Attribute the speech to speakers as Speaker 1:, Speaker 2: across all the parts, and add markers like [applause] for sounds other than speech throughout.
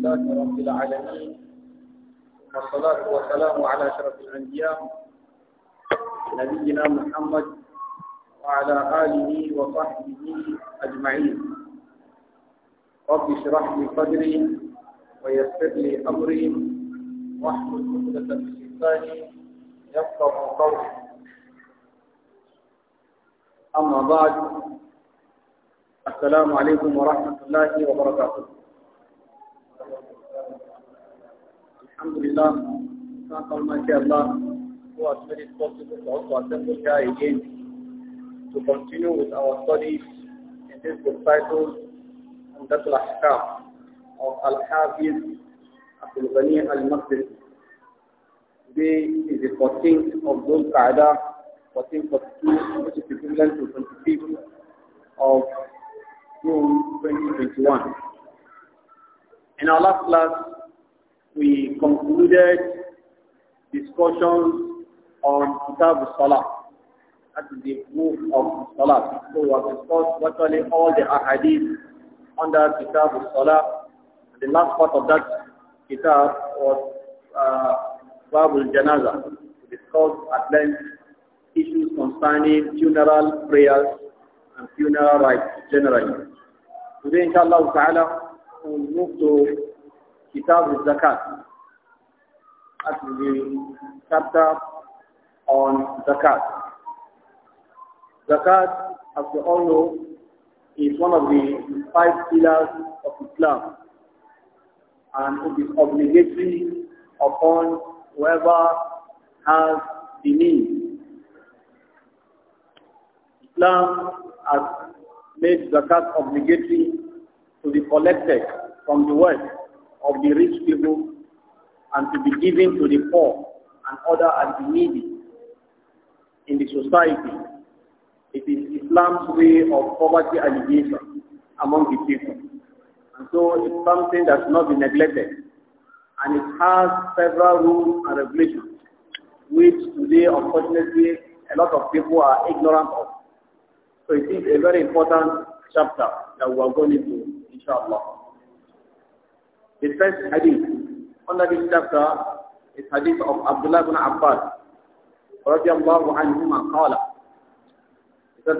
Speaker 1: لله رب العالمين والصلاة والسلام على شرف الأنبياء نبينا محمد وعلى آله وصحبه أجمعين رب اشرح لي صدري ويسر لي أمري واحلل عقدة من لساني يفقه قولي أما بعد السلام عليكم ورحمة الله وبركاته Alhamdulillah, thank Almighty Allah who has made it possible for us to assemble here again to continue with our studies in this book titled Umdat al-Ahkam of Al-Hafiz Abdul Ghani al-Masjid. Today is the 14th of Dhul Qaeda, 1442, which is equivalent to 25th of June 2021. In our last class, we concluded discussions on Kitab Salah. That is the book of Salah. So we have discussed virtually all the ahadith under Kitab Salah. The last part of that Kitab was uh, Babul Janaza. We discussed at length issues concerning funeral prayers and funeral rites generally. Today, inshallah, we'll move to Kitab al-Zakat. That is the chapter on Zakat. Zakat, as we all know, is one of the five pillars of Islam. And it is obligatory upon whoever has the need. Islam has made zakat obligatory to be collected from the wealth of the rich people and to be given to the poor and other and the needy in the society. It is Islam's way of poverty alleviation among the people. And so it's something that's not been neglected. And it has several rules and regulations, which today, unfortunately, a lot of people are ignorant of. So it is a very important chapter that we are going into, inshallah. The first hadith under this chapter is hadith of Abdullah ibn Abbas رضي الله عنهما قال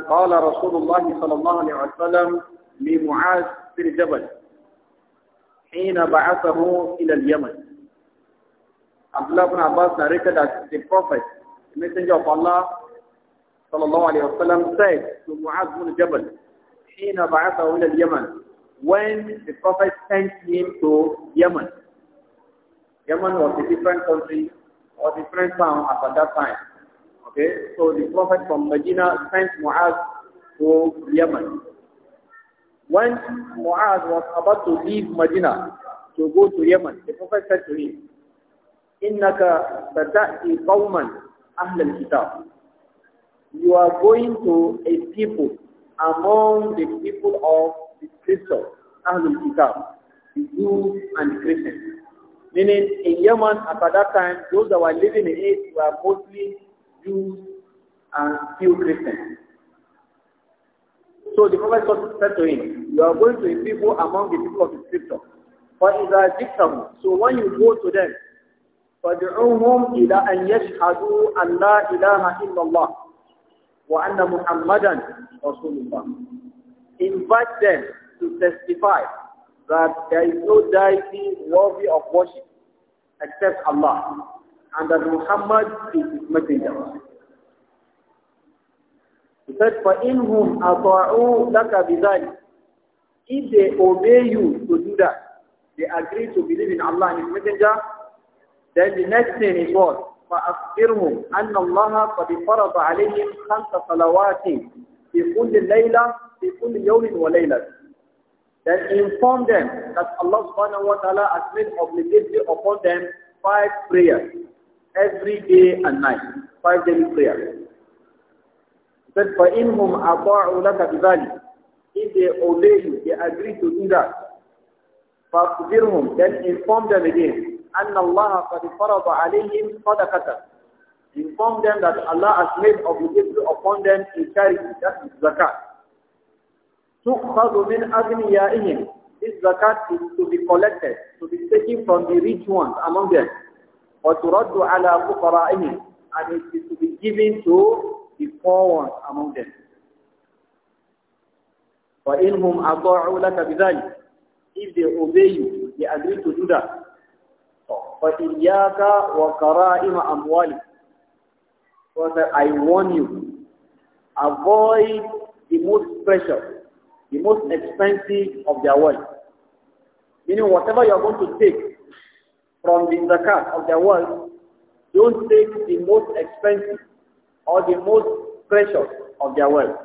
Speaker 1: قال رسول الله صلى الله عليه وسلم لمعاذ بن جبل حين بعثه إلى اليمن Abdullah ibn Abbas narrated that the Prophet, the Messenger of Allah, sallallahu alayhi wa sallam, said to Mu'adh ibn Jabal, حين بعثه إلى اليمن when the Prophet sent him to Yemen. Yemen was a different country or different town at that time. Okay, so the Prophet from Medina sent Muaz to Yemen. When Muaz was about to leave Medina to go to Yemen, the Prophet said to him, إِنَّكَ سَتَأْتِي قَوْمًا أَهْلَ الْكِتَابِ You are going to a people among the people of the scripture, Ahlul Kitab, the Jews and Christians. Meaning, in Yemen at that time, those that were living in it were mostly Jews and few Christians. So the prophet said to him, You are going to a people among the people of the scripture. For إِذَا ذِكْتَهُمْ So when you go to them, فَدْعُوهُمْ إِلَىٰ أَنْ يَشْهَدُوا أَنْ لَا إِلَهَ إِلَّا اللَّهِ وَأَنَّ مُحَمَّدًا رَسُولُ اللَّهِ invite them to testify that there is no deity worthy of worship except Allah and that Muhammad is his messenger. He said, فَإِنْهُمْ أَطَاعُوا لَكَ If they obey you to do that, they agree to believe in Allah and His Messenger, then the next thing is what? فَأَخْبِرْهُمْ أَنَّ اللَّهَ قَدْ فَرَضَ عَلَيْهِمْ خَمْسَ صَلَوَاتٍ في كل ليلة في كل يوم وليلة then inform them that Allah subhanahu wa ta'ala has made obligatory upon them five prayers every day and night five daily prayers that فَإِنْهُمْ أَطَاعُوا لَكَ بِذَلِكَ if they obey you they agree to do that فَأَخْبِرْهُمْ then inform them again أَنَّ اللَّهَ قَدْ فَرَضَ عَلَيْهِمْ صَدَقَةً Inform them that Allah has made obligatory upon them in charity, that is zakat. تُخَذُ مِنْ أَغْنِيَائِهِمْ This zakat is to be collected, to be taken from the rich ones among them. وَتُرَدُّ عَلَى فُقَرَائِهِمْ And it is to be given to the poor ones among them. وَإِنْهُمْ أَطَاعُوا لَكَ بِذَلِكَ If they obey you, they agree to do that. فَإِيَّاكَ وَكَرَائِمَ أَمْوَالِكَ God said, I warn you, avoid the most precious, the most expensive of their wealth. Meaning whatever you are going to take from the zakat of their wealth, don't take the most expensive or the most precious of their wealth.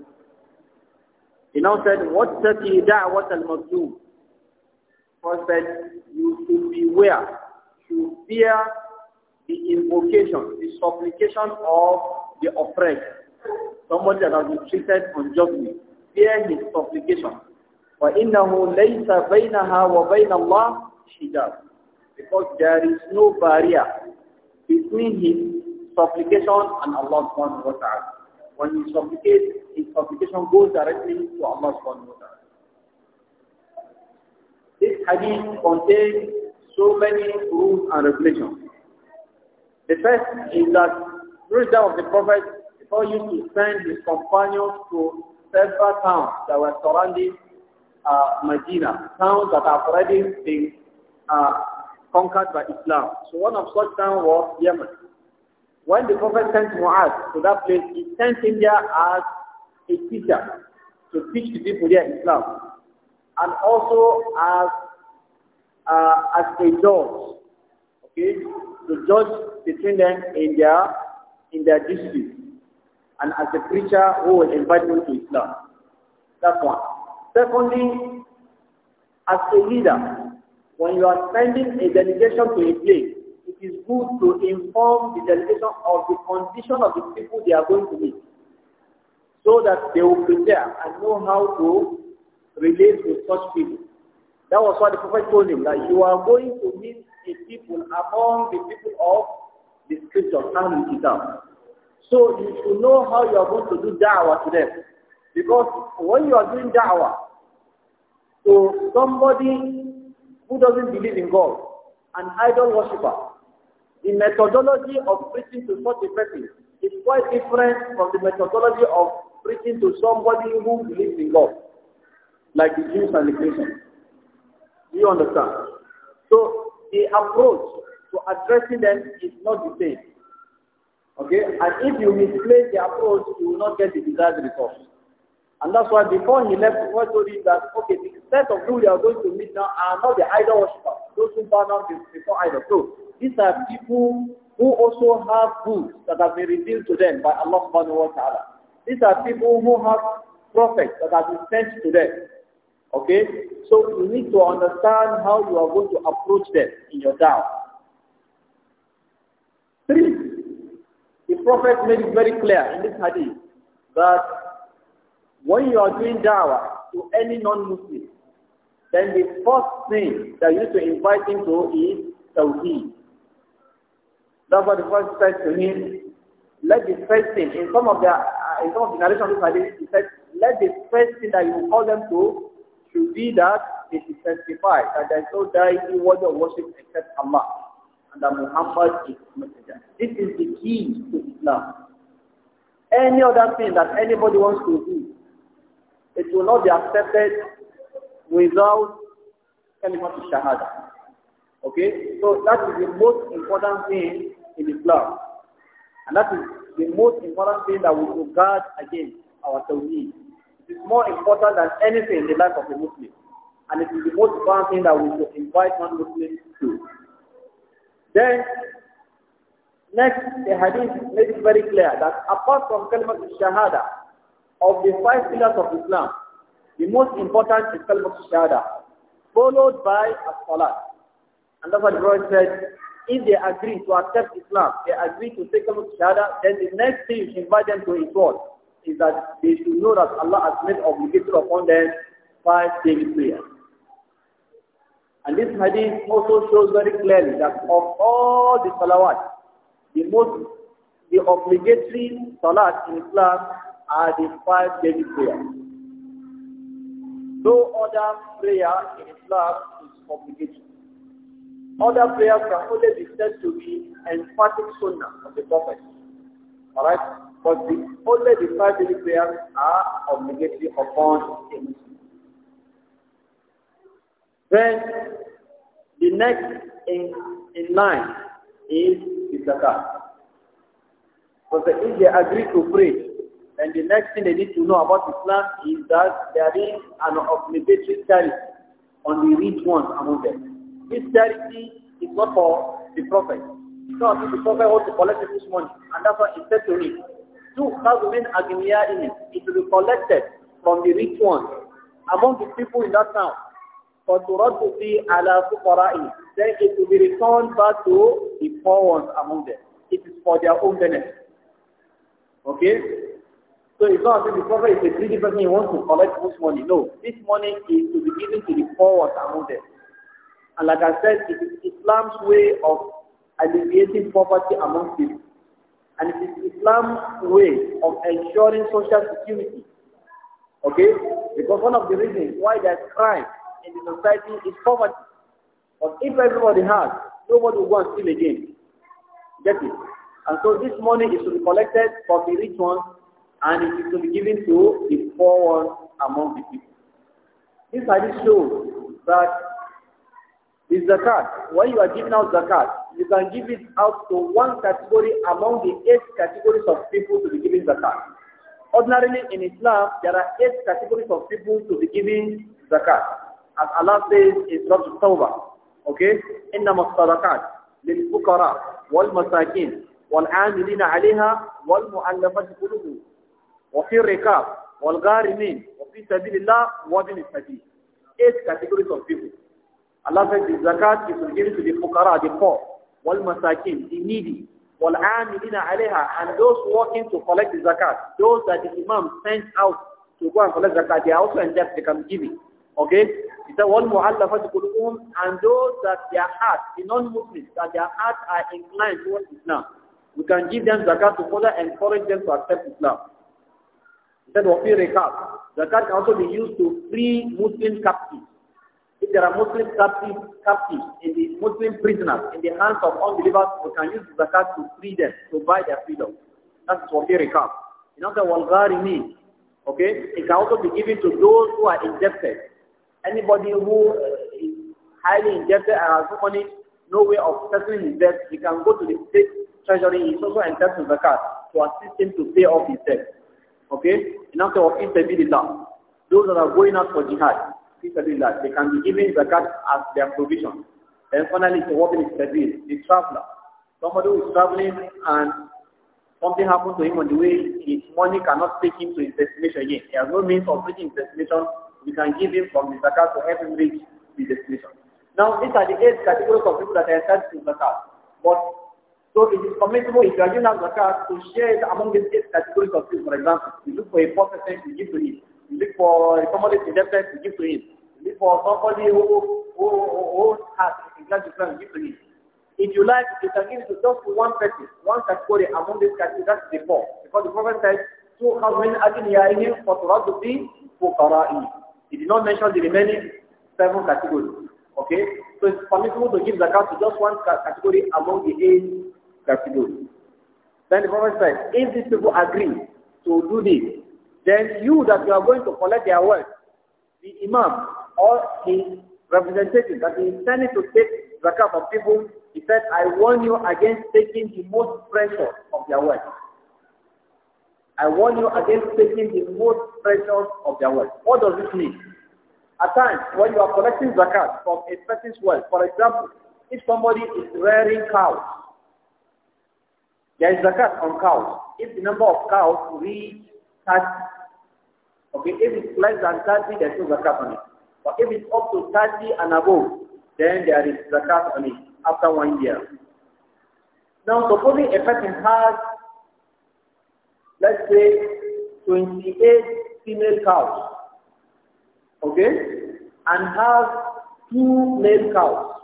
Speaker 1: He now said, What certainly da'wat al-mazlum? First said, you should beware, should fear the invocation, the supplication of the oppressed, somebody that has been treated unjustly. Hear his supplication. وَإِنَّهُ لَيْسَ بَيْنَهَا وَبَيْنَ اللَّهِ حِجَابٌ Because there is no barrier between his supplication and Allah subhanahu wa ta'ala. When he supplicates, his supplication goes directly to Allah subhanahu wa ta'ala. This hadith contains so many rules and regulations. The first is that wisdom of the Prophet before you to send his companions to several towns that were surrounding uh, Medina, towns that have already been uh, conquered by Islam. So one of such towns was Yemen. When the Prophet sent Mu'adh to that place, he sent him there as a teacher to teach the people there Islam, and also as uh, as a judge is to judge between them in their in their dispute and as a preacher who will invite them to Islam. That's one. Secondly, as a leader, when you are sending a delegation to a place, it is good to inform the delegation of the condition of the people they are going to meet so that they will prepare and know how to relate with such people. That was what the Prophet told him, that you are going to meet a people among the people of the scriptures, Ahlul Kitab. So you should know how you are going to do da'wah to them. Because when you are doing da'wah to somebody who doesn't believe in God, an idol worshipper, the methodology of preaching to such a person is quite different from the methodology of preaching to somebody who believes in God, like the Jews and the Christians. Do you understand? So the approach to addressing them is not the same. Okay? And if you misplace the approach, you will not get the desired result. And that's why before he left, he told him that, okay, the set of people you are going to meet now are not the idol worshippers, those who bow down before idols. So these are people who also have books that have been revealed to them by Allah subhanahu wa ta'ala. These are people who have prophets that have been sent to them. Okay? So you need to understand how you are going to approach them in your da'wah. Three, the Prophet made it very clear in this hadith that when you are doing da'wah to any non-Muslim, then the first thing that you need to invite him to is Tawheed. That's what the Prophet said to him, let the first thing, in some of the, uh, in some of the narration of this hadith, he said, let the first thing that you call them to to be that, it is testified that there is no deity worthy of worship except Allah, and that Muhammad is messenger. This is the key to Islam. Any other thing that anybody wants to do, it will not be accepted without kalimat shahada. Okay, so that is the most important thing in Islam, and that is the most important thing that we will guard against our tawhid is more important than anything in the life of a Muslim. And it is the most important thing that we should invite non-Muslims to. Then, next, the hadith makes it very clear that apart from Kalimat al-Shahada, of the five pillars of Islam, the most important is Kalimat shahada followed by As-Salat. And that's what the Prophet said, if they agree to accept Islam, they agree to take Kalimat al-Shahada, then the next thing you invite them to is what? is that they should know that Allah has made obligatory upon them five daily prayers. And this hadith also shows very clearly that of all the salawat, the most, the obligatory salat in Islam are the five daily prayers. No other prayer in Islam is obligatory. Other prayers can only be said to be emphatic sunnah of the Prophet. Alright? But the, only the five daily prayers are obligatory upon a Muslim. Then the next in, in line is the zakat. Because if they agree to pray, then the next thing they need to know about Islam is that there is an obligatory charity
Speaker 2: on the rich ones
Speaker 1: among them. This charity is not for the prophet. So the Prophet wants to collect this money. And that's why he said to me, two thousand agniya in it. It will be collected from the rich ones among the people in that town. to فَتُرَدُّ فِي عَلَى ala Then it will be returned back to the poor ones among them. It is for their own benefit. Okay? So it's not as if the prophet is a greedy person, he wants to collect most money. No, this money is to be given to the poor ones among them. And like I said, it is Islam's way of alleviating poverty among people. And it is Islam's way of ensuring social security. Okay? Because one of the reasons why there's crime in the society is poverty. But if everybody has, nobody will go and steal again. Get it? And so this money is to be collected from the rich ones and it is to be given to the poor ones among the people. This hadith shows that the zakat, when you are giving out zakat, you can give it out to one category among the eight categories of people to be giving zakat. Ordinarily in Islam, there are eight categories of people to be giving zakat. As Allah says in Surah Tawbah, okay? إِنَّمَا الصَّدَقَاتِ لِلْفُقَرَاءِ وَالْمَسَاكِينِ وَالْعَامِلِينَ عَلَيْهَا وَالْمُعَلَّفَةِ قُلُوبُهُمْ وَفِي الرِّكَابِ وَالْغَارِمِينَ وَفِي سَبِيلِ اللَّهِ وَابِنِ السَّبِيلِ Eight categories of people. Allah says the zakat is given to the fuqara, the poor. والمساكين, the needy, والعاملين عليها, and those working to collect the zakat, those that the imam sends out to go and collect zakat, they are also in debt, they can give it. Okay? He said, وَالْمُعَلَّفَةِ قُلُوبُهُمْ um, And those that their hearts, the non-Muslims, that their hearts are inclined towards Islam. We can give them zakat to further encourage them to accept Islam. He said, وَفِي رِكَابِ Zakat can also be used to free Muslim captives. If there are Muslim captives, captives in the Muslim prisoners in the hands of unbelievers, we can use zakat to free them, to buy their freedom. That's what they recap. In other Walgari means, okay, it can also be given to those who are indebted. Anybody who uh, is highly indebted and has no money, no way of settling his debt, he can go to the state treasury, he's also entitled to zakat to assist him to pay off his debt. Okay? In other words, those that are going out for jihad, that They can be given zakat as their provision. And finally, the woman is service, the traveler. Somebody who is traveling and something happened to him on the way, his money cannot take him to his destination again. He has no means of reaching his destination. We can give him from the zakat to help him reach the destination. Now, these are the eight categories of people that are entitled to zakat. But so it is permissible if you are giving out zakat to share it among these eight categories of people. For example, you look for a poor person, to give to him look for somebody indebted to give to him. Look for somebody who, who, who has a glass to give to him. If you like, you can give it to just one person, one category among this category, that's the poor. Because the Prophet said, two thousand أَدْنِيَائِهِمْ فَتُرَدُّ فِي فُقَرَائِهِ He did not mention the remaining seven categories. Okay? So it's permissible to give zakat to just one category among the eight categories. Then the Prophet said, if these people agree to do this, then you that you are going to collect their wealth, the imam or his representative that is intending to take zakat from people, he said, I warn you against taking the most precious of their wealth. I warn you against taking the most precious of their wealth. What does this mean? At times, when you are collecting zakat from a person's wealth, for example, if somebody is rearing cows, there is zakat on cows. If the number of cows reach 30. Okay, if it's less than 30, there's no zakat on it. But if it's up to 30 and above, then there is zakat on it after one year. Now, supposing a person has, let's say, 28 female cows, okay, and has two male cows,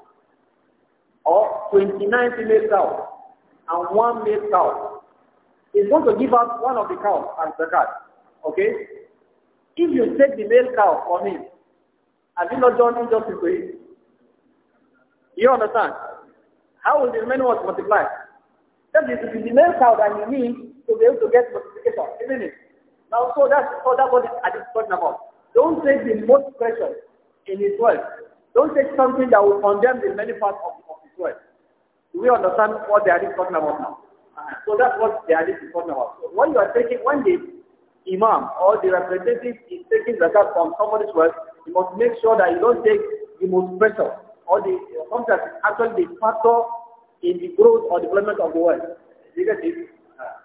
Speaker 1: or 29 female cows, and one male cow is going to give us one of the cows as zakat. Okay? If you take the male cow from me, have you not done injustice to it. You understand? How will the remaining ones multiply? That is, the male cow that you need to be able to get multiplication, isn't it? Now, so that's, so that what I just talking about. Don't take the most precious in his world. Don't take something that will condemn the many parts of, of his world. Do we understand what they are talking about now? So that's what the hadith is talking about. So when you are taking, when the imam or the representative is taking zakat from somebody's wealth, you must make sure that you don't take the most precious or the something that is actually the factor in the growth or development of the world. You get it? Uh,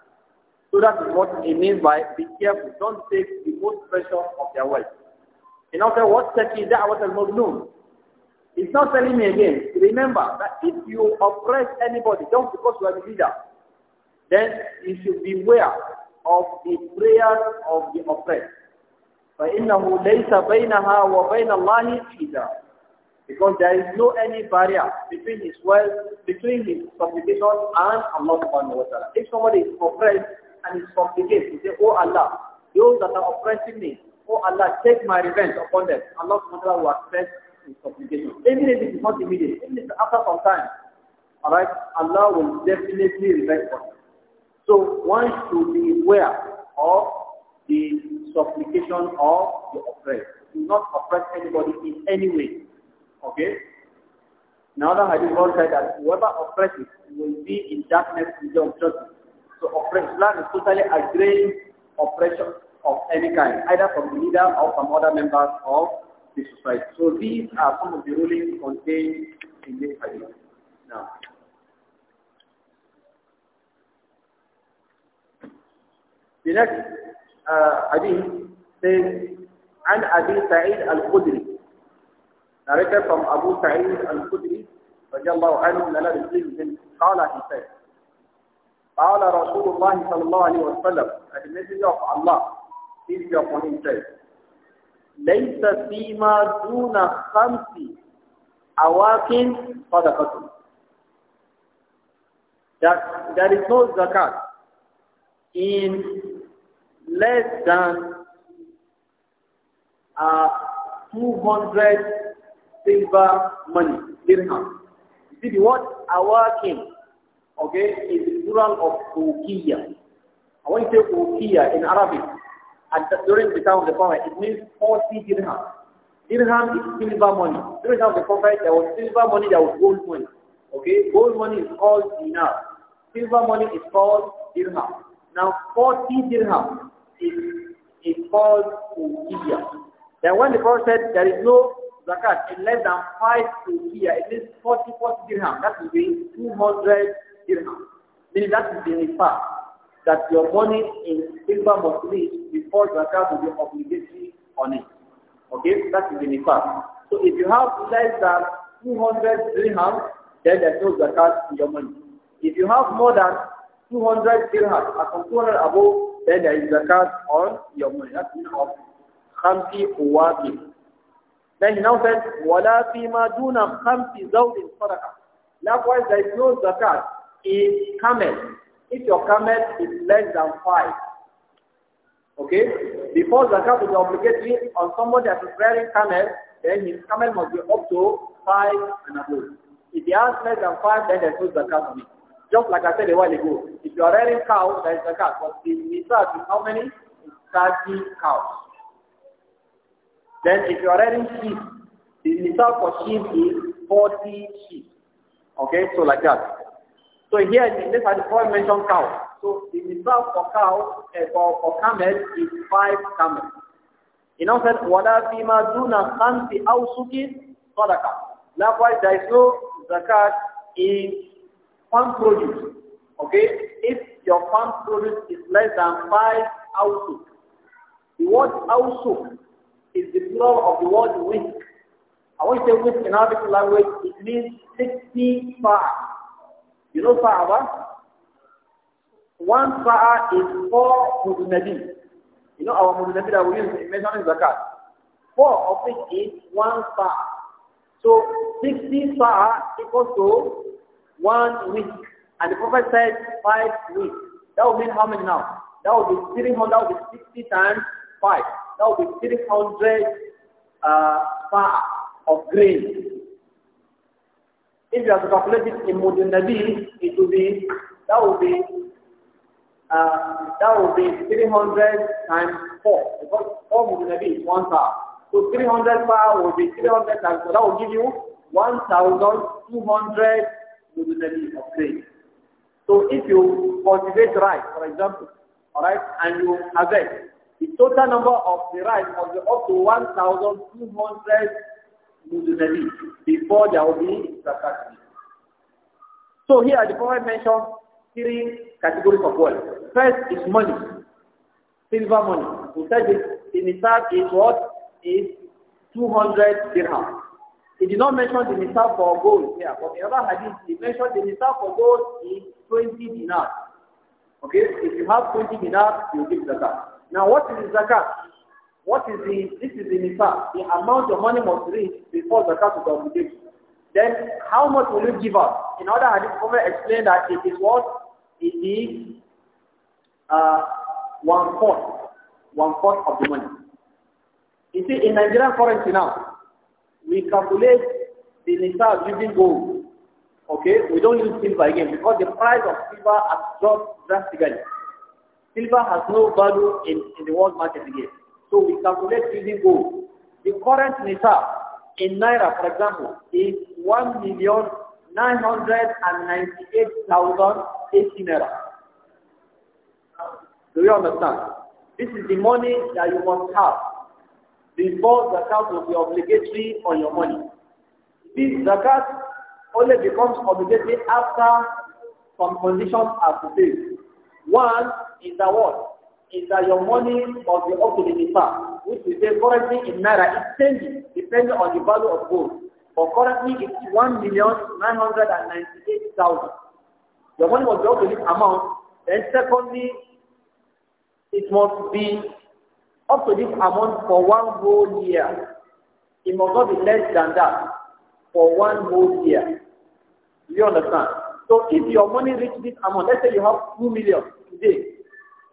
Speaker 1: so that is what he means by be careful. Don't take the most precious of their wealth. In other words, what Turkey was a mazlum It's not telling me again. Remember that if you oppress anybody don't because you are the leader, then you should beware of the prayers of the oppressed. فَإِنَّهُ لَيْسَ بَيْنَهَا وَبَيْن اللَّهِ حِجَابٌ Because there is no any barrier between his wealth, between his supplication and Allah subhanahu wa ta'ala. If somebody is oppressed and is supplicating, say, Oh Allah, those that are oppressing me, Oh Allah, take my revenge upon them. Allah subhanahu wa ta'ala will accept his supplication. Even if it is not immediate, even if after some time, alright, Allah will definitely revenge for them. So one should be aware of the supplication of the oppressed. Do not oppress anybody in any way. Okay? Another hadith God said that whoever oppresses will be in darkness with the judgment. So oppression, Islam is totally against oppression of any kind, either from the leader or from other members of the society. So these are some of the rulings contained in this hadith. Now. The next uh, hadith says, An Abi Sa'id al-Khudri, narrated from Abu Sa'id al-Khudri, رضي الله عنه لنا رسول قال he said, قال رسول الله صلى الله عليه وسلم, and the message of Allah, peace be upon him, said, ليس فيما دون خمس أواكن صدقة that there is no zakat in less than uh, 200 silver money, dirham. You see the word awakim, okay, is the plural of ukiya. I want to say ukiya in Arabic, And during the time of the Prophet, it means 40 dirham. Dirham is silver money. During the time of the Prophet, there was silver money, there was gold money. Okay, gold money is called dinar. Silver money is called dirham. Now, 40 dirham it is is called ukiya. Then when the Prophet said there is no zakat in less than 5 ukiya, it means 40, 40 dirham. That will be 200 dirham. Meaning that is the fact That your money in silver must reach before zakat will be obligatory on it. Okay, that is the nifaq. So if you have less than 200 dirham, then there's no zakat in your money. If you have more than 200 dirham, a 200 above, then there is zakat on your money. That's mean of khamsi uwabi. Then he now says, وَلَا فِي مَا دُونَ خَمْسِ زَوْدٍ صَدَقَةً Likewise, there is no zakat in camel. If your camel is less than five, okay, before zakat is obligatory on somebody that is wearing camel, then his camel must be up to five and above. If he has less than five, then there is no zakat on it. Just like I said a while ago, if you are rearing cows, there is a cat. But the misas is how many? 30 cows. Then if you are rearing sheep, the result for sheep is 40 sheep. Okay, so like that. So here in this article mentioned cow. So the result for cow, uh, eh, for, for camel is 5 camels. You know said, وَلَا فِي مَا دُونَ خَمْسِ أَوْسُكِ صَدَقَةً Likewise, there is no zakat in farm produce, okay, if your farm produce is less than five ounces, the word ounces is the plural of the word week. I want to say week in Arabic language, it means 60 fa'a. You know fa'a, One fa'a is four mudunabi. You know our mudunabi that we use in measuring zakat. Four of it is one fa'a. So 60 fa'a equals to one week. And the Prophet said five weeks. That would mean how many now? That would be 300, that would be 60 times 5. That would be 300 uh, far of grain. If you have to calculate it in Mudun Nabi, it would be, that would be, uh, that would be 300 times 4. Because 4 Mudun Nabi is 1 far. So 300 far would be 300 times 4. That will give you 1,200 to of So if you cultivate rice, for example, alright, and you harvest, the total number of the rice was be up to 1,200 Mudunali before there will be zakat. So here the Prophet mentioned three categories of wealth. First is money, silver money. We said it in his is what? Is 200 dirhams. He did not mention the nisab for gold here. But the other hadith, he mentioned the nisab for gold is 20 dinars. Okay, if you have 20 dinars, you give zakat. Now what is the zakat? What is the, this is the nisab, the amount of money must reach before zakat is obligated. Then how much will you give us? In other hadith, Prophet explained that it is what? It is uh, one fourth, one fourth of the money. You see, in Nigerian currency now, we calculate the nisab using gold. Okay, we don't use silver again because the price of silver has dropped drastically. Silver has no value in, in the world market again. So we calculate using gold. The current nisab in Naira, for example, is 1,998,080 Naira. Do you understand? This is the money that you must have before zakat will be obligatory on your money. This zakat only becomes obligatory after some conditions are fulfilled. One is that what? Is that your money must be up to the nifar, which is currently in naira, it's changing depending on the value of gold. But currently it's one million nine hundred and ninety-eight thousand. Your money must be up to this amount. And secondly, it must be up to this amount for one whole year. It must not be less than that for one whole year. You understand? So if your money reaches this amount, let's say you have two million today.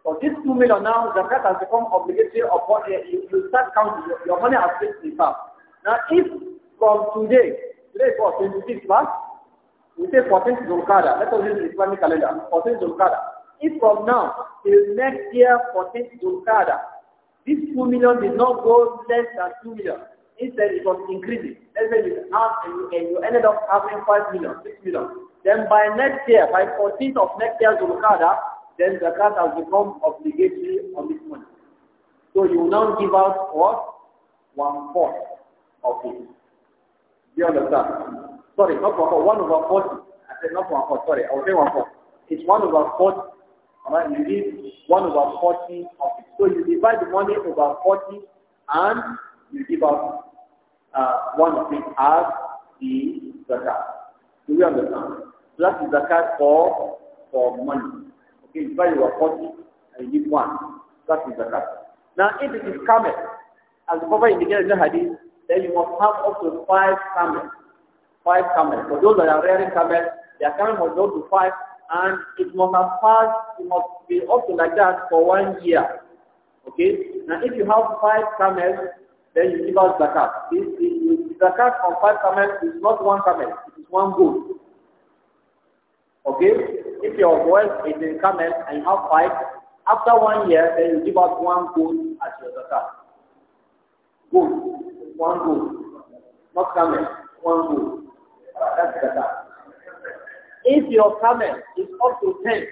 Speaker 1: So this two million now, the zakat has become obligatory upon you. You start counting. Your, your money has reached the Now if from today, today is what, 26 March? We say 14th Zulqada. Let us use Islamic calendar. 14th Zulqada. If from now till next year, 14th Zulqada, this 2 million did not go less than 2 million. Instead, it was increasing. Let's say you have, and you, ended up having 5 million, 6 million. Then by next year, by 14th of next year, Zulqada, then Zakat has become obligatory on this money. So you now give out what? One fourth of it. Do you understand? Sorry, not one fourth, one over forty. I said not one fourth, sorry, I was saying one fourth. It's one over forty Alright, you give 1 over 40 of it. So you divide the money over 40 and you give out uh, one of it as the zakat. Do you understand? So that's the zakat for, for money. Okay, you divide over 40 and you give 1. That is the zakat. Now if it is camel, as the Prophet indicated in the hadith, then you must have up to 5 camels. 5 camels. For those that are rearing camels, their camel must go to 5 and it must have passed, it must be up to like that for one year. Okay? Now if you have five camels, then you give out zakat. This the zakat on five camels is not one camel, it is one goat. Okay? If your voice is in camel and you have five, after one year, then you give out one goat as your zakat. Goat. One goat. Not camel. One goat. That's zakat. If your camel is up to 10,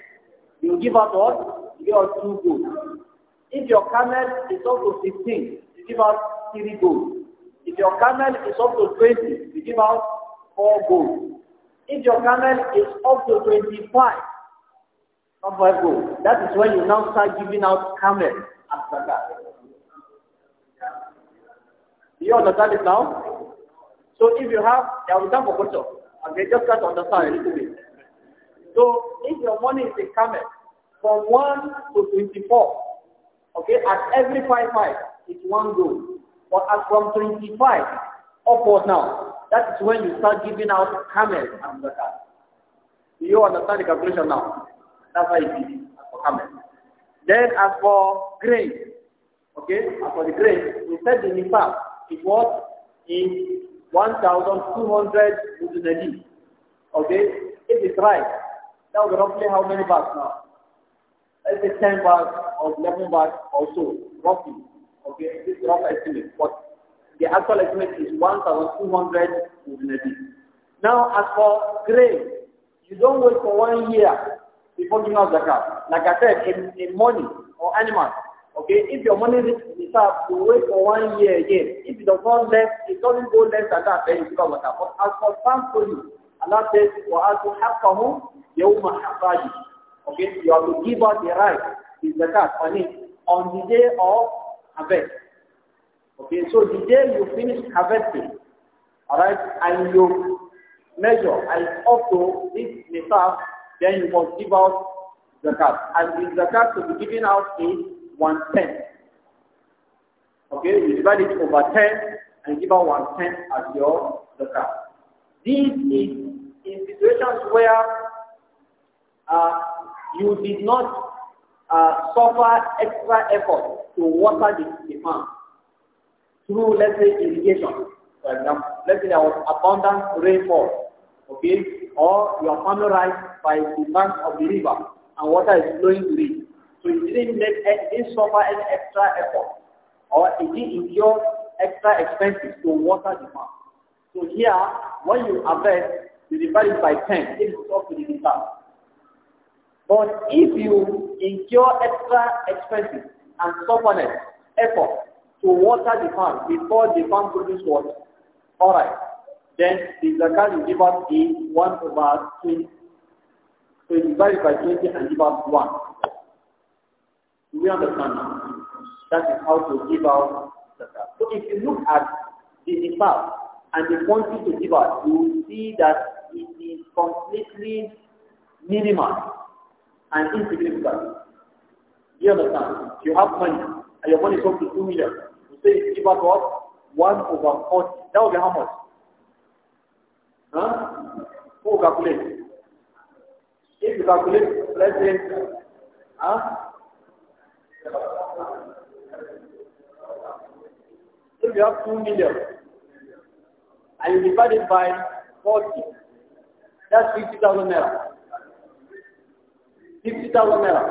Speaker 1: you give out what? You are 2 good. If your camel is up to 15, you give out 3 good. If your camel is up to 20, you give out 4 good. If your camel is up to 25, not 5 good. that is when you now start giving out camel as that, you understand it now? So if you have, I will come for question. Okay, just try to understand a little bit. So if your money is a camel, from 1 to 24, okay, at every 5 5, it's one goal. But as from 25 upward now, that is when you start giving out camels and zakat. Do you understand the calculation now? That's how it is for camels. Then as for grain, okay, as for the grain, we said the nifab, it was in 1,200 mudunadi. Okay, it is right. That was roughly how many bars now? Let's say 10 bars or 11 bars or so, roughly. Okay, this is rough estimate. But the actual estimate is 1,200 Udinadi. Now, as for grain, you don't wait for one year before giving out zakat. Like I said, in, in money or animals, okay, if your money is reserved, you wait for one year again. If it does not less, it doesn't go less than that, then you become zakat. But as for farm produce, Allah says, وَآتُوا حَقَّهُمْ يَوْمَ حَقَّهِ Okay, you have to give us the right, the zakat, on it, on the day of harvest. Okay, so the day you finish harvesting, alright, and you measure and up to this nisab, then you must give out zakat. And the zakat to be given out is one tenth. Okay, you divide it over ten and give out one tenth as your zakat. This is in situations where uh, you did not uh, suffer extra effort to water the, the farm through, let's say, irrigation, for example. Let's say there was abundant rainfall, okay, or you are familiarized by the bank of the river and water is flowing to it. So it didn't make it suffer any extra effort, or it didn't incur extra expenses to water the farm. So here, when you harvest, you divide it by 10, it is up to the result. But if you incur extra expenses and stubbornness, effort to water the farm before the farm produces what? Alright, then the zakat you give out is 1 over 20. So you divide it by 20 and give out 1. Do we understand now? That is how to give out zakat. So if you look at the nisab and the quantity to give out, you will see that it is completely minimal and insignificant. You understand? If you have money and your money up to two million, you say it's equal to what? One over forty. That will be how much? Huh? Who calculate? If you calculate, let's say, huh? If you have two million and you divide it by forty, that's 50,000 naira. 50,000 naira.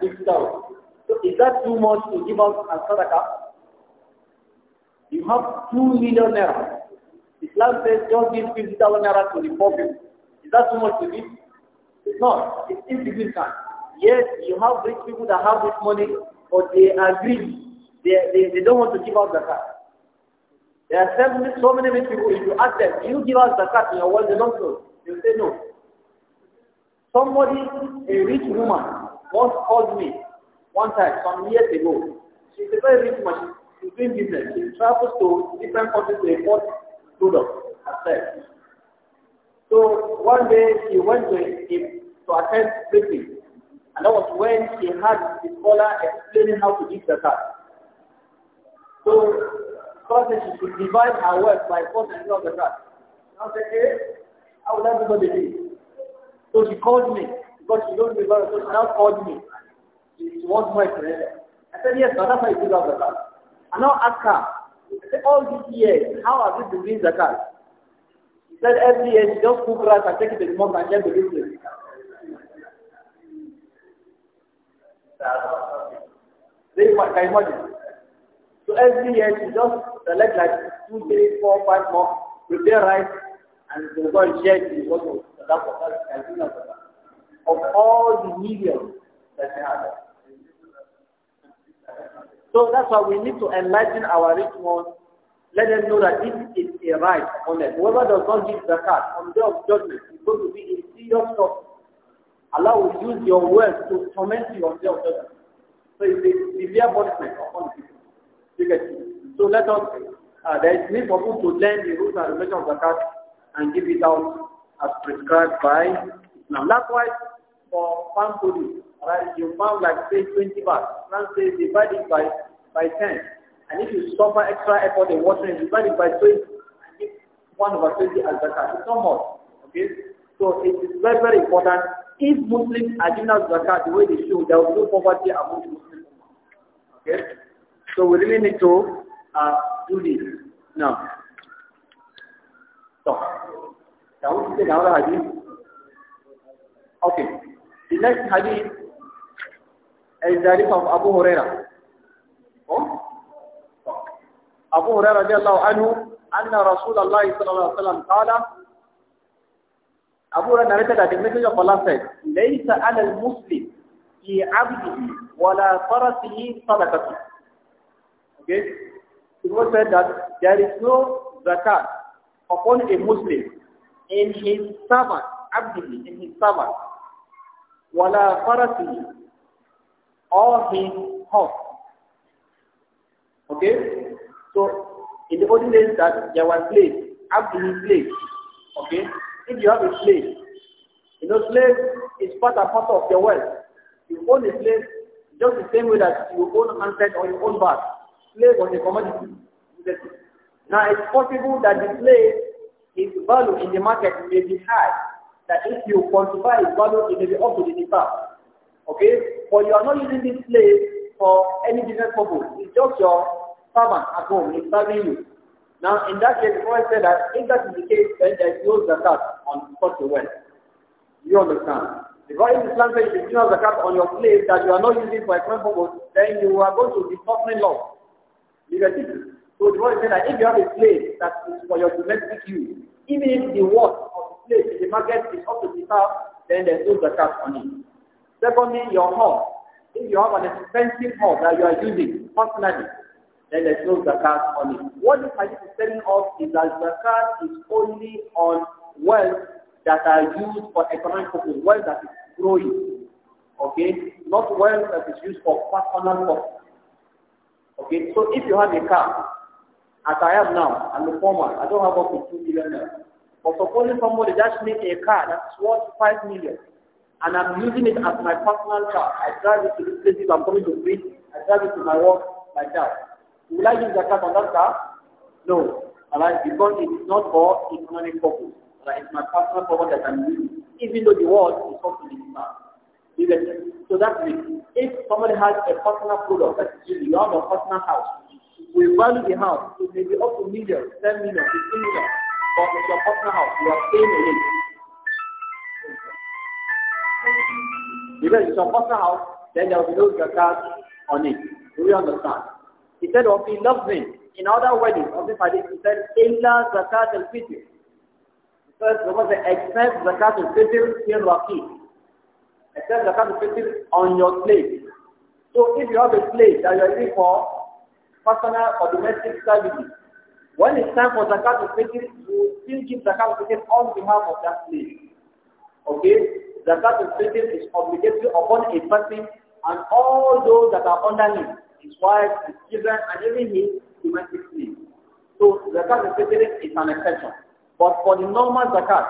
Speaker 1: 50,000. So is that too much to give out as sadaqah? You have 2 million naira. Islam says just give 50,000 naira to the poor people. Is that too much to give? It's not. It's insignificant. Yes, you have rich people that have this money, but they agree. They, they, they don't want to give out the car. There are seven, so many people, if you ask them, do you give us the cut in your world, they don't know. They say no. Somebody, a rich woman, once called me, one time, some years ago. She's a very rich woman. She's doing business. She travels to different countries to import products So one day she went to, to attend meeting, And that was when she had the scholar explaining how to give cut. So God said she should divide her wealth by four sections of the grass. Now said, hey, eh, how would everybody be? So she called me because she don't remember, so she now called me. She, wants my prayer. I said, yes, God, that's how you give out the card. I now ask her, I said, all these years, how have you been doing the card? She said, every year she just cook rice and take it to the mosque and get the business. They can imagine every year she just select like two, three, four, five more, prepare right, and they go and share it with the Saddam Qatar, of all the millions that she have, So that's why we need to enlighten our rich ones. Let them know that this is a right on them. Whoever does not give zakat on the day of judgment is going to be in serious trouble. Allah will use your wealth to torment you on the day of judgment. So it's a severe punishment upon people so let us, uh, there is need for us to learn the rules and regulations of zakat and give it out as prescribed by Islam. Likewise, for farm produce, right, you found like say 20 bucks. Islam says divide it by, by 10. And if you suffer extra effort in watering, divide it by 20 and give 1 over 20 as zakat. It's not much. Okay? So it is very, very important. If Muslims are giving out zakat the way they should, there will be no poverty among Muslims. Okay? So we really need to uh, do this now. So, want we take another hadith. Okay. The next hadith is the hadith of Abu Huraira. Oh? Abu Huraira radiallahu anhu, أن رسول الله صلى الله عليه وسلم قال Abu Huraira narrated that the message of Allah said, ليس على المسلم في عبده ولا فرسه صدقته. Okay? It was said that there is no zakat upon a Muslim in his servant, abdihi, in his servant, wala farasi, or his horse. Okay? So, in the olden days that there was slave, abdihi slave. Okay? If you have a slave, you know, slave is part and part of your wealth. You own a slave just the same way that you own a handset or you own bag slave was commodity. Now it's possible that the slave, his value in the market may be high. That if you quantify his value, it may be up to the nifar. Okay? But you are not using this slave for any business purpose. It's just your servant at home. It's serving you. Now, in that case, before I say that, if that is the case, then there is no zakat on such a wealth. You understand? Because I Islam says you do not zakat on your slave that you are not using for a purpose, then you are going to be suffering loss. Because if, so the Lord said that if you have a place that is for your domestic use, even if the worth of the place in the market is up to the south, then there's no zakat on it. Secondly, your home. If you have an expensive home that you are using personally, then there's no zakat on it. What this hadith is telling us is that the zakat is only on wealth that are used for economic purposes, wealth that is growing. Okay? Not wealth that is used for personal purposes. Okay, so if you have a car, as I have now, I'm a former, I don't have up to 2 million now. But supposing somebody just made a car that's worth 5 million, and I'm using it as my personal car, I drive it to the places I'm coming to visit, I drive it to my work, my job. Will I use the car on that car? No. Alright, because it's not for economic purpose. Alright, it's my personal purpose that I'm using, even though the world is up to this so that means if somebody has a personal product, that is you have a personal house, we value the house, it may be up to millions, 10 million, 15 million, but it's your personal house, you are paying a rent. Because it's your personal house, then there will be no zakat on it. Do you understand? He said, of he loves me. In other weddings of this hadith, he said, Illa zakat al-fitr. First, there was the except zakat al-fitr in Raqib except zakat is fitr on your slave. So if you have a slave that you are using for personal or domestic services, when it's time for zakat to fitr, you still give zakat to fitr on behalf of that slave. Okay? Zakat to fitr is obligatory upon a person and all those that are under him, his wife, his children, and even his domestic slave. So zakat to fitr is an exception. But for the normal zakat,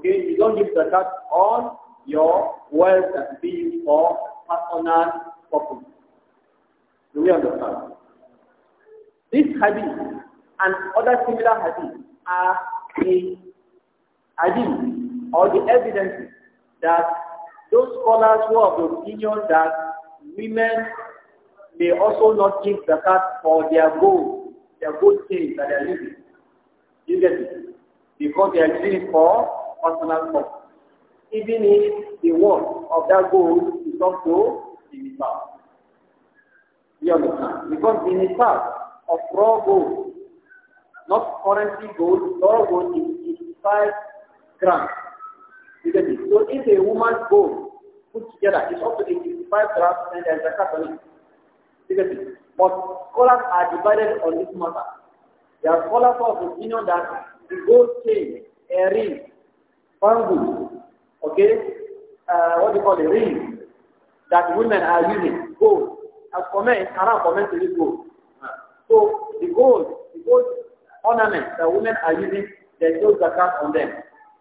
Speaker 1: okay, you don't give zakat on your wealth being for personal purpose. Do we understand? This hadith and other similar hadith are the hadith or the evidence that those scholars who have of the opinion that women may also not give zakat for their good, their good things that they are living. You get it? Because they are living for personal purpose even if the worth of that gold is also the nisab. You understand? Because the nisab of raw gold, not currency gold, raw gold is 5 grams. Because it, so if a woman's gold put together is also to 85 grams and there's a cut on it. but scholars are divided on this matter. There are scholars of opinion that the gold chain, a ring, bamboo, okay, uh, what do you call it, ring that women are using, gold. As comment, Haram comments to use gold. Uh, so the gold, the gold ornaments that women are using, there's no zakat on them.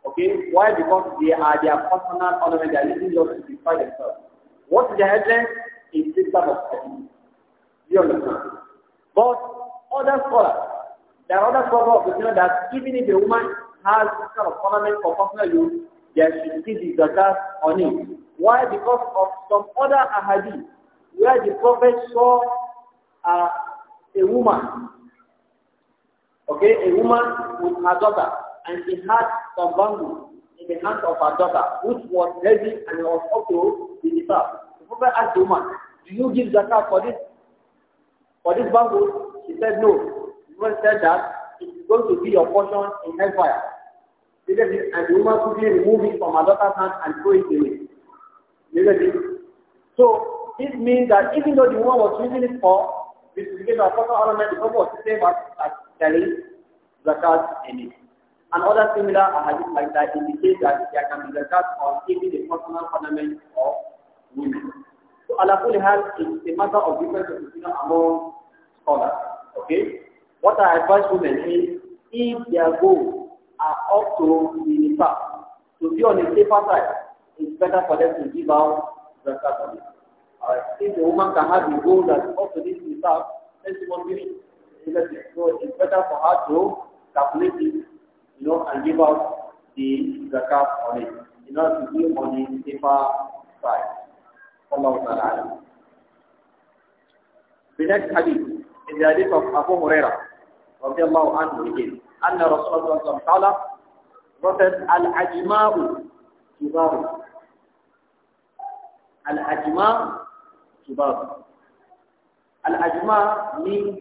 Speaker 1: Okay? Why? Because they are their personal ornament, they are using just to defy themselves. What is the headland? Is this type of thing. Do you understand? But other scholars, there are other scholars of the you know, that even if a woman has this kind of ornament for personal use, there should be the zakat on it. Why? Because of some other ahadith where the Prophet saw uh, a woman, okay, a woman with her daughter, and she had some bamboo in the hands of her daughter, which was heavy and was up to the nisab. The Prophet asked the woman, do you give zakat for this, for this bamboo? She said no. The Prophet said that it is going to be your portion in hellfire. Look at and the woman quickly removed it from her daughter's hand and throw it away. Look at this. So, this means that even though the woman was using it for this of personal ornament, the Prophet was saying about selling zakat in it. And other similar ahadith like that indicate that there can be zakat on even the personal ornament of women. So alakul hal is a matter of difference of opinion among scholars. Okay? What I advise women is if their goal are up to the nifaq. To be on the safer side, it's better for them to give out zakat on it. Alright, since the woman can have the goal that up to this nifaq, then she won't give it. So it's better for her to calculate it, you know, and give out the zakat on it, in order to be on the safer side. Allah Ta'ala. The next hadith is the hadith of Abu Hurairah, radiallahu anhu again. أن رسول الله صلى الله عليه وسلم قال Prophet Al-Ajma'u Kibaru Al-Ajma'u means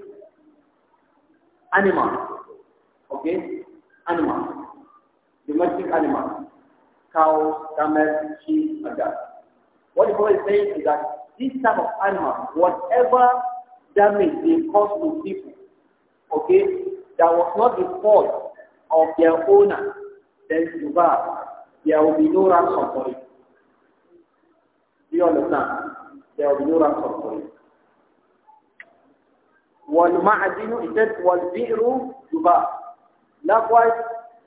Speaker 1: animal. Okay? Animal. Domestic animal. Cows, camels, sheep, and that. What the Prophet is saying is that this type of animal, whatever damage they cause to people, okay, that was not the fault of their owner, then you there will be no ransom for it. Do you understand? There will be no ransom for it. والمعدن it والبئر يباع. Likewise,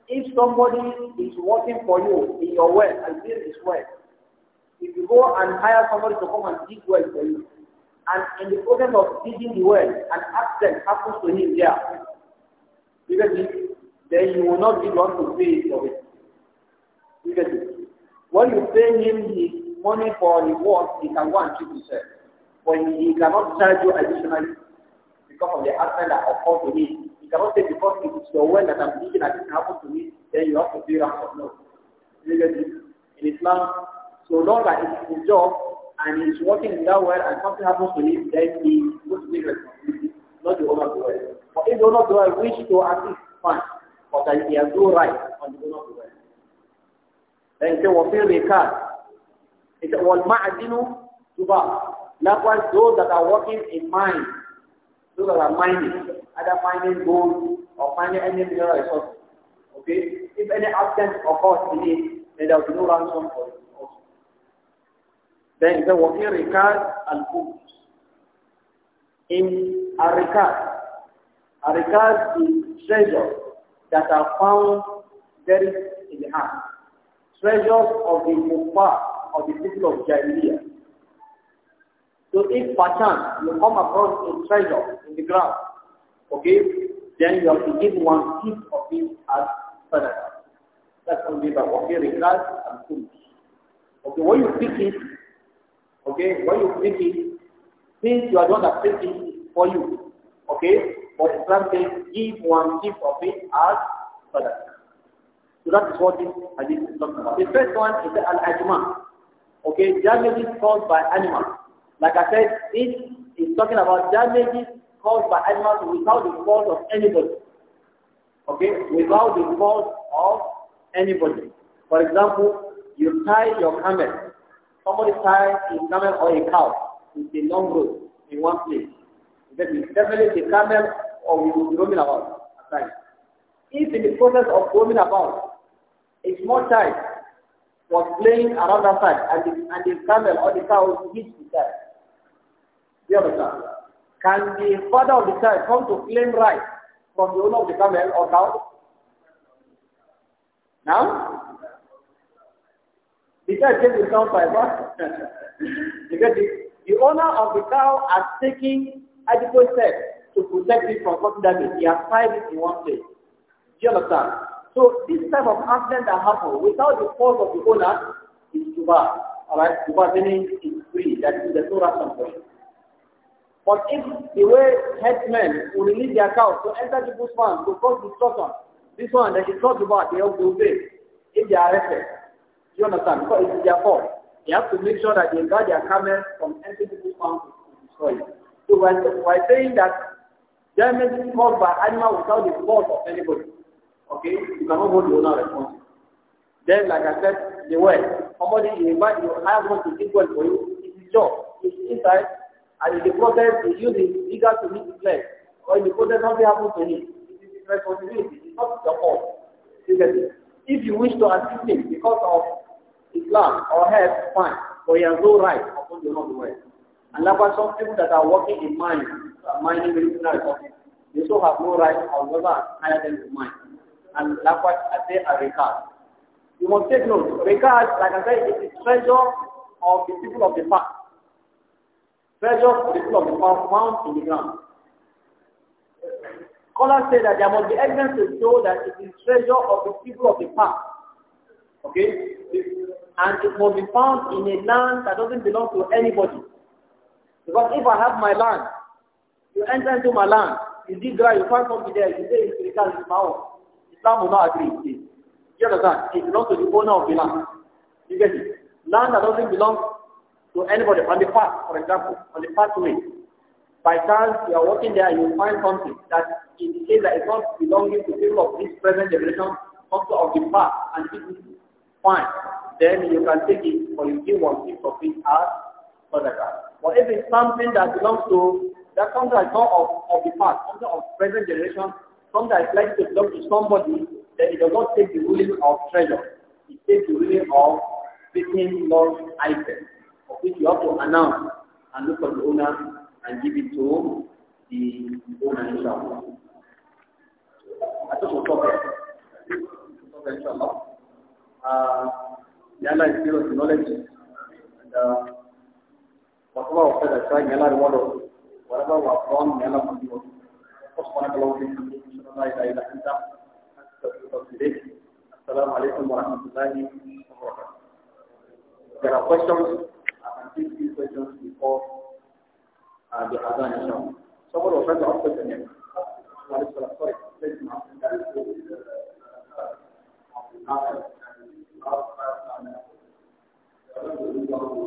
Speaker 1: if somebody is working for you in your well, and this well, if you go and hire somebody to come and dig well for you, and in the process of digging the well, an accident happens to him there, because if Then you will not be one to pay for it. Because When you pay him his money for his work, he can go and treat himself. But he, he cannot charge you additionally because of the accident that occurred to him. He cannot say because it's the well that I'm thinking that it happened to me, then you have to pay ransom. No. You In Islam, so long as it's his job and he's working in that well and something happens to him, then he must be responsible, not the owner of the well. For if you do not do right wish to assist, fine. But then he has no right on the owner of the right. Then he said, وَفِي الرِّكَارِ He said, وَالْمَعْدِنُ تُبَعْ Likewise, those that are working in mine, those that are mining, either mining gold or mining any mineral resource, okay? If any absence occurs in it, then there will be no ransom for it also. Then he said, وَفِي and الْفُوتِ In a record, and regards the treasures that are found buried in the earth, treasures of the Kuffar, of the people of Jahiliyyah. So if perchance you come across a treasure in the ground, okay, then you have to give one fifth of it as sadaqah. That's on the okay, regards and food. Okay, when you pick it, okay, when you pick it, since you are not a it for you, okay, for Islam says, give tip of it as sadaqah. So that is what this hadith is talking about. The first one is al-ajma. Okay, damages caused by animals. Like I said, it is talking about damages caused by animals without the fault of anybody. Okay, without the fault of anybody. For example, you tie your camel. Somebody ties a camel or a cow with a long rope in one place. That is definitely the camel or we will roaming about aside. If in the process of roaming about, a small child was playing around side, and the, and the camel or the cow hit the child, the other child, can the father of the child come to claim right from the owner of the camel or cow? Now, the child gets cow by what? [laughs] because the, the owner of the cow is taking adequate steps to protect it from causing damage. He has tied it in one place. Do you understand? So this type of accident that happens without the fault of the owner is too bad. Alright, too bad meaning is free, that is there's no ransom for it. But if the way headmen will release their cows to enter the bush farm to cause destruction, this one that is not too bad, they have to obey if they are arrested. Do you understand? Because it is their fault. They have to make sure that they guard their camels from entering the bush farm to destroy it. So we're, saying that damage caused by animal without the fault of anybody. Okay? You cannot hold the owner responsible. Then, like I said, the way Somebody you invite you, I want to dig well for you. It's his job. It's inside. And in the process, he uses digger to meet his leg. Or in the process, something happens to him. It is his responsibility. It's not your fault. If you wish to assist him because of Islam or health, fine. But he has no right upon the Lord's way. And likewise, some people that are working in mines, mining revolutionary uh, they still have no right, however, higher than the mine. And likewise, I say a record. You must take note, record, like I said, is the treasure of the people of the past. Treasure of the people of the past found in the ground. Scholars say that there must be evidence to show that it is treasure of the people of the past. Okay? And it must be found in a land that doesn't belong to anybody. Because if I have my land, you enter into my land, you dig ground, you find something there, you say it's spiritual, it's my own. Islam will not agree with this. You understand? It belongs to the owner of the land. You get it? Land that doesn't belong to anybody on the path, for example, on the pathway. By chance, you are walking there, you find something that indicates that it's not belonging to people of this present generation, also of the past, and it is fine. Then you can take it, or you give one piece of it as sadaqah. But if it's something that belongs to, that comes as not of, of the past, something of present generation, something that is likely to belong to somebody, then it does not take the ruling of treasure. It takes the ruling of fitting lost items, of which you have to announce and look for the owner and give it to the owner inshallah. I we will talk here. Stop Uh, the Allah is given knowledge and uh, وقضى There are questions. I can take these questions before uh, the Adhan Islam. Someone was trying to ask the please,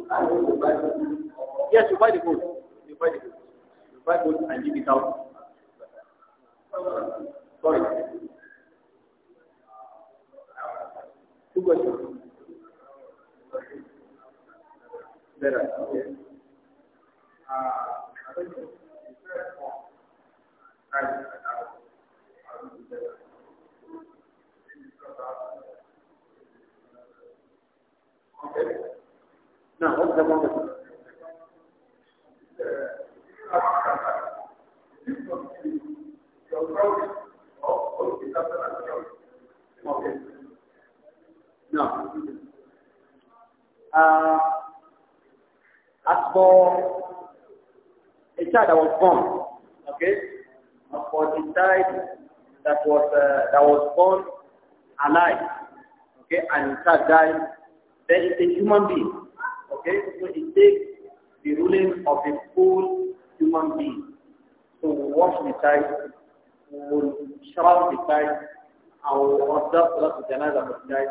Speaker 1: I want to Yes, you buy the gold. You buy the gold. You buy gold and give it out. Sorry. Two questions. There are. Okay. Okay. Now, what's the problem? Now, uh, as for a child that was born, okay, as for the child that was uh, that was born alive, okay, and the child died, then it's a human being, okay, so it takes the ruling of a full human being. So we wash the child, we will shroud the child, and we will observe Salat al of the child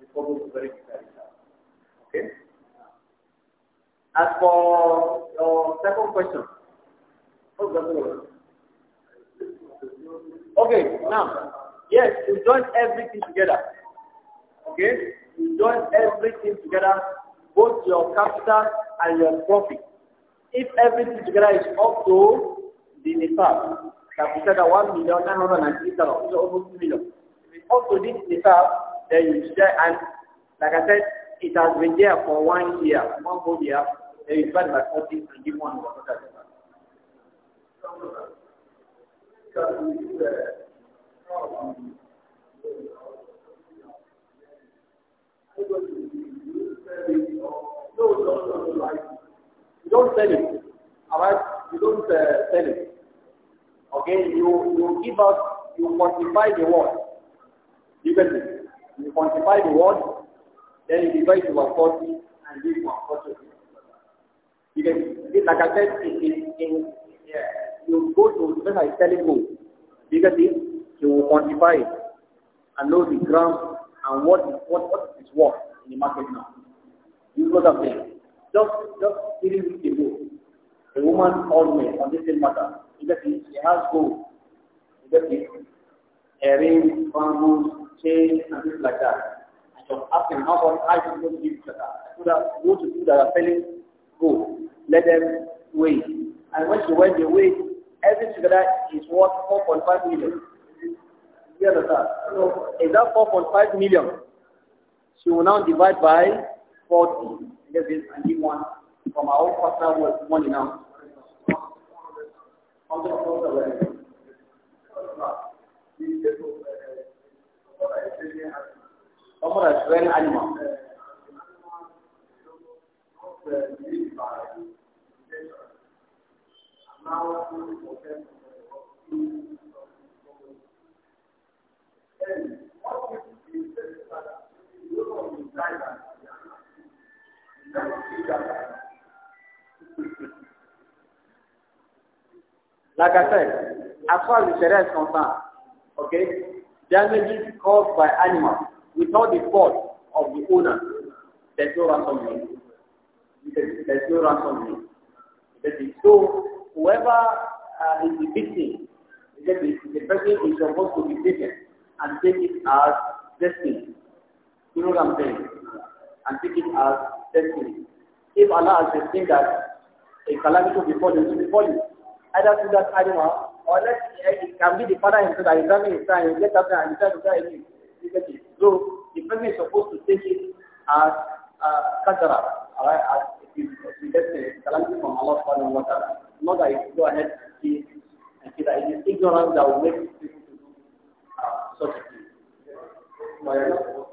Speaker 1: before we bury the child. Okay? As for your second question, Okay, now, yes, we join everything together. Okay? We join everything together, both your capital and your profit. If everything together is up to the nisab, that we said that 1 million, 903,000, so almost 2 million. If it's up to this nisab, then you share and, like I said, it has been there for one year, one whole year, then you divide by 40 and give one more percent. Thank no, you don't, no, no, you don't sell it. Alright? You don't uh, sell it. Okay? You, you give us, you quantify the word. You get it? You quantify the word, then you divide it by 40 and give 140. You get it? Like I said, in, in, in yeah, you go to, the I selling you, you get it? You will quantify it and know the ground and what what is, what, what is worth in the market now. You know the thing. Just, just three weeks ago, a woman called me on the same matter. Because she has gold. Because she earrings, bangles, chains, and things like that. And she was asking how about I can go to give Zakat. I could have go to do that are selling gold. Let them wait. And when she went, they wait. Everything together is worth 4.5 million. You understand? So is that 4.5 million? She will now divide by 40. And this, I one from our own personal money now. Someone has trained animal. And what is this that you like I said, as far as the Sharia is concerned, okay, damages caused by animals without the fault of the owner, there's no ransomware. There's no ransomware. So whoever uh, is the victim, the, the person is supposed to be taken and take it as destiny. You know what I'm saying? And take it as successfully. If Allah has been that a calamity will befall you, before you. Either through that animal, or let it can be the father himself that is driving his son and gets up there and decides to drive him. So the person is supposed to take it as uh, kajara, alright, as it is predestined, calamity from Allah subhanahu wa ta'ala. Not that you go ahead and see that it is ignorance that will make people to do uh, such a thing. So,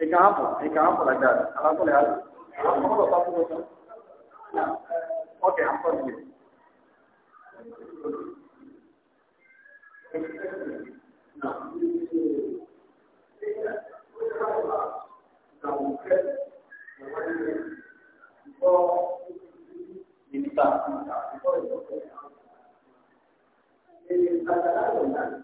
Speaker 1: E campo, e campo ragazzi, alla quale Come lo faccio questo? No. Ok, ancora più. No. Di sta. Di sta. Di sta.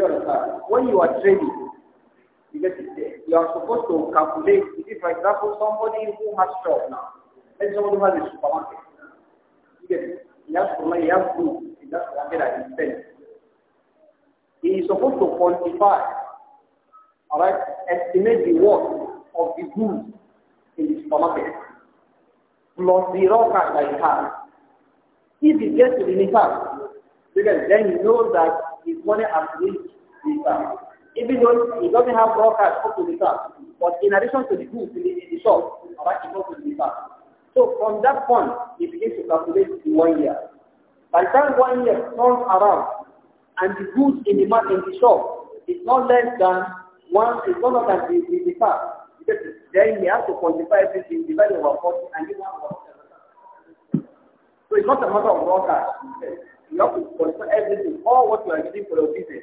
Speaker 1: You understand? When you are trading, you get it You are supposed to calculate. If, for example, somebody who has shop now, let's somebody who has a supermarket, you get it? He has money, he has food, he has market that he spends. He is supposed to quantify, all right, estimate the worth of the goods in the supermarket plus the raw cash that he has. If he gets to the nisab, because then he knows that his money has reached even though it doesn't have brokers up to the top, but in addition to the goods in the, shop, Alright, it goes to So from that point, it begins to calculate in one year. By the time one year turns around, and the goods in the market in the shop is not less than one, it's not less than the, the, because Then we have to quantify everything, divide over 40, and you one So it's not a matter of broadcast. You have to quantify everything, all what you are using for your business.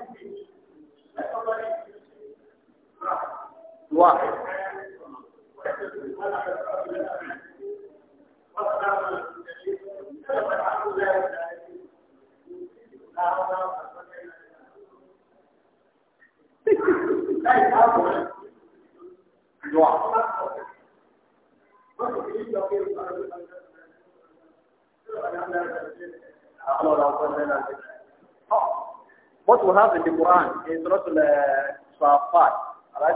Speaker 1: واحد What we have in the Quran is not uh, Safat, alright?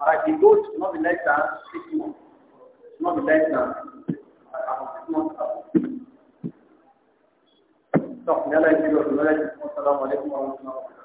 Speaker 1: Alright, que dose não not be less than six months. Should not be less than six